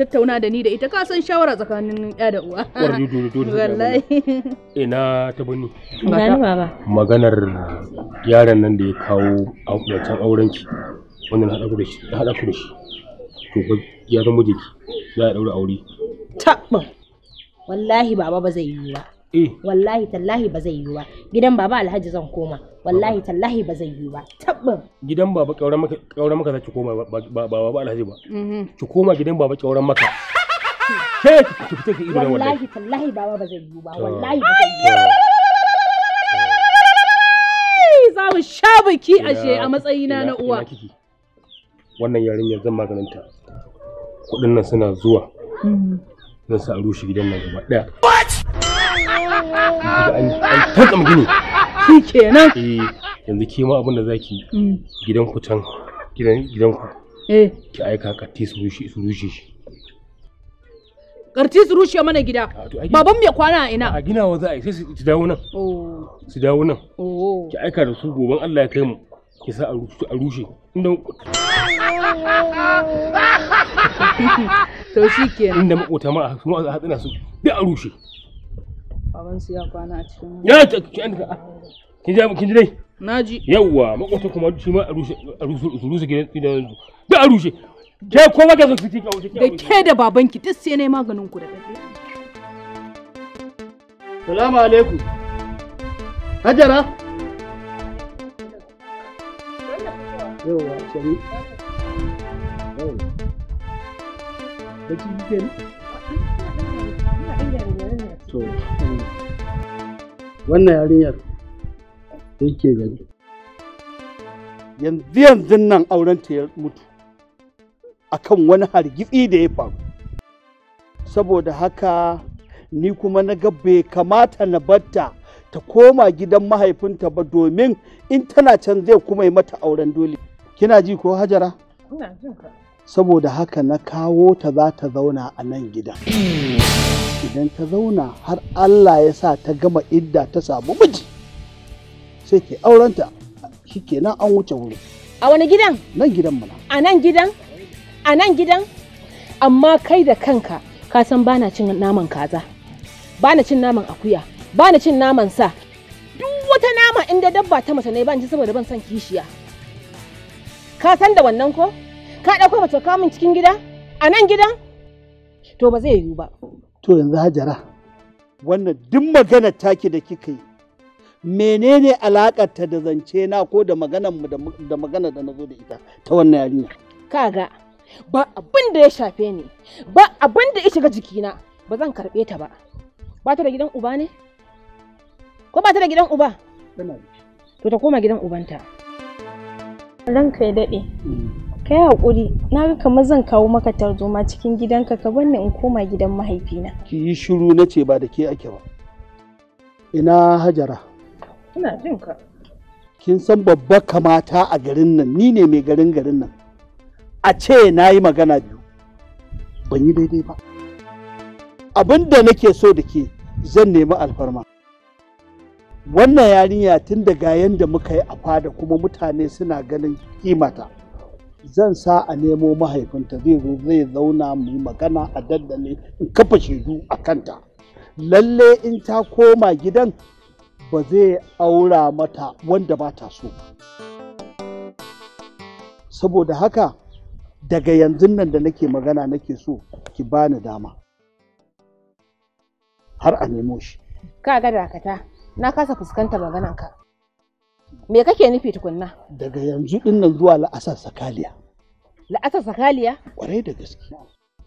tattauna da ni da ita kasan shawara tsakanin ya da uwa wallahi ina ta bani maganar yaron nan da ya kawo wancan auren ki wannan hada ku da shi hada ku da shi to ya zama jiki za a ɗaura aure Taɓa. wallahi baba ba zai yi ba Eh. wallahi tallahi ba zai yi ba gidan baba alhaji zan koma wallahi tallahi ba zai yiwu ba tabbin gidan baba kauran maka kauran maka zaki koma ba ba baba alhaji ba mm-hmm. ki koma gidan baba kauran maka ke ki fita ki ibrahim wallahi tallahi baba ba zai yiwu ba wallahi ba zai ba za mu sha biki ashe a matsayina na uwa wannan yarinyar zan maganinta kudin nan suna zuwa mm. zan sa a rushe gidan nan gaba daya. an tantsam gini shi kenan eh yanzu ke ma abin da zaki mm. gidan ku can gidan gidan ku eh ki aika katti su rushe su rushe shi karti su rushe mana gida baban mai kwana a ina a gina wa za a yi sai su dawo nan su dawo nan oh. oh. ki aika da su goban Allah ya kai mu ki sa a rushe inda to shi kenan inda makota ma a hatsina su duk a rushe babansu ya kwana a cikin ya ah, kin ji kin ji dai na ji kuma shi ma a rushe rushe gidan a rushe ke ko da ke da babanki duk sai maganin ku da salamu alaikum hajara kike ne to wannan yarinyar da yake gani yanzu yanzu nan auren ta ya mutu a kan wani hargitsi da ya faru saboda haka ni kuma na ga bai kamata na batta ta koma gidan mahaifinta ba domin in tana can zai kuma yi mata auren dole kina ji ko hajara saboda haka na kawo ta za ta zauna a nan gidan idan ta zauna har Allah ya sa ta gama idda ta samu miji sai ke aurenta shi kenan an wuce wuri. A wani gidan? Nan gidan mana. A nan gidan? A nan gidan? Amma kai da kanka ka san bana cin naman kaza, bana cin naman akuya, bana cin naman sa. Duk wata nama inda dabba ta mace ne ban ji saboda ban san kishiya. Ka san da wannan ko? Ka ɗauko mace min cikin gida? A nan gidan? To ba zai yiwu ba. to yanzu hajara wannan duk maganar taki da kika yi menene alakarta da zance na ko da maganar mu da magana da nazo da ita ta wannan yarinya kaga ba abin da ya shafe ni ba abin da ya shiga jikina ba zan karbe ta ba ba ta da gidan uba ne ko ba ta da gidan uba to ta koma gidan ubanta ranka ya dade mm. Ka hakuri na ga kamar zan kawo maka tarzoma cikin gidanka ka bar ni in koma gidan mahaifina. Ki yi shiru na ce ba da ke ake ba. Ina Hajara. Ina jin ka. Kin san babba kamata a garin nan, ni ne mai garin garin nan. A ce na yi magana biyu, ban yi daidai ba. Abin da nake so da ke zan nemi alfarma. Wannan yarinya tun daga da muka yi a fada kuma mutane suna ganin kimata. zan sa a nemo mahaifinta zai zo zai zauna mu magana a dandali in kafa shaidu a kanta lalle in ta koma gidan ba zai aura mata wanda ba ta so saboda haka daga yanzu nan da nake magana nake so ki bani dama har a nemo shi ka ga dakata na kasa fuskantar maganarka Me kake nufi tukunna? Daga yanzu din nan zuwa la'asar sakaliya. La'asar sakaliya? Kwarai da gaske.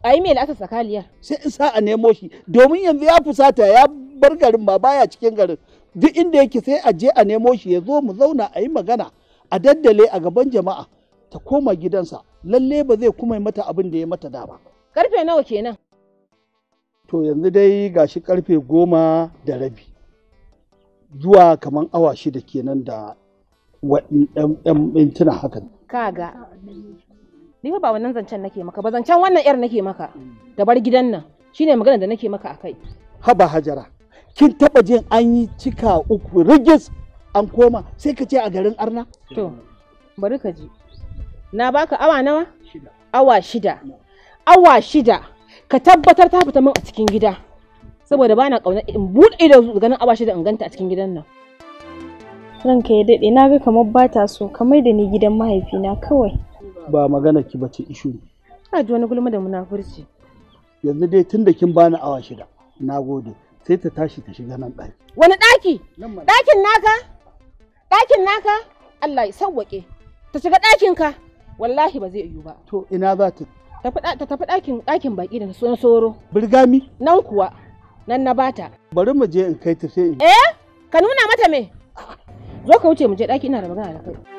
A yi me la'asar sakaliya? Sai in sa a nemo shi domin yanzu ya fusata ya bar garin ba baya cikin garin. Duk inda yake sai a je a nemo shi ya zo mu zauna a yi magana a daddale a gaban jama'a ta koma gidansa lalle ba zai kuma mata abin da ya mata da ba. Karfe nawa kenan? To yanzu dai gashi karfe goma da rabi. zuwa kamar awa shida kenan da ɗan mintuna hakan. Kaga, ni ba wannan zancen nake maka ba zancen wannan yar nake maka da bar gidan nan shine magana da nake maka akai. Haba Hajara, kin taɓa jin an yi cika uku rigis an koma sai ka ce a garin Arna? To, bari ka ji. Na baka awa nawa? Awa shida. Awa shida. Ka tabbatar ta fita min a cikin gida. Saboda bana ƙauna in buɗe da ganin awa shida in ganta a cikin gidan nan. ranka ya daɗe na ga kamar ba ta so kamar da ni gidan mahaifina kawai ba magana ki bace ishu a ji wani gulma da munafurci yanzu dai tun da kin bani awa shida na gode sai ta tashi ta shiga nan ɗaki wani ɗaki ɗakin naka ɗakin naka Allah ya sauwaƙe ta shiga ɗakin ka wallahi ba zai yiwu ba to ina za ta ta tafi ɗakin ɗakin baƙi da sun soro birgami nan kuwa nan na bata bari mu je in kai ta sai eh ka nuna mata me zo ka wuce mu je ɗaki ina da magana da kai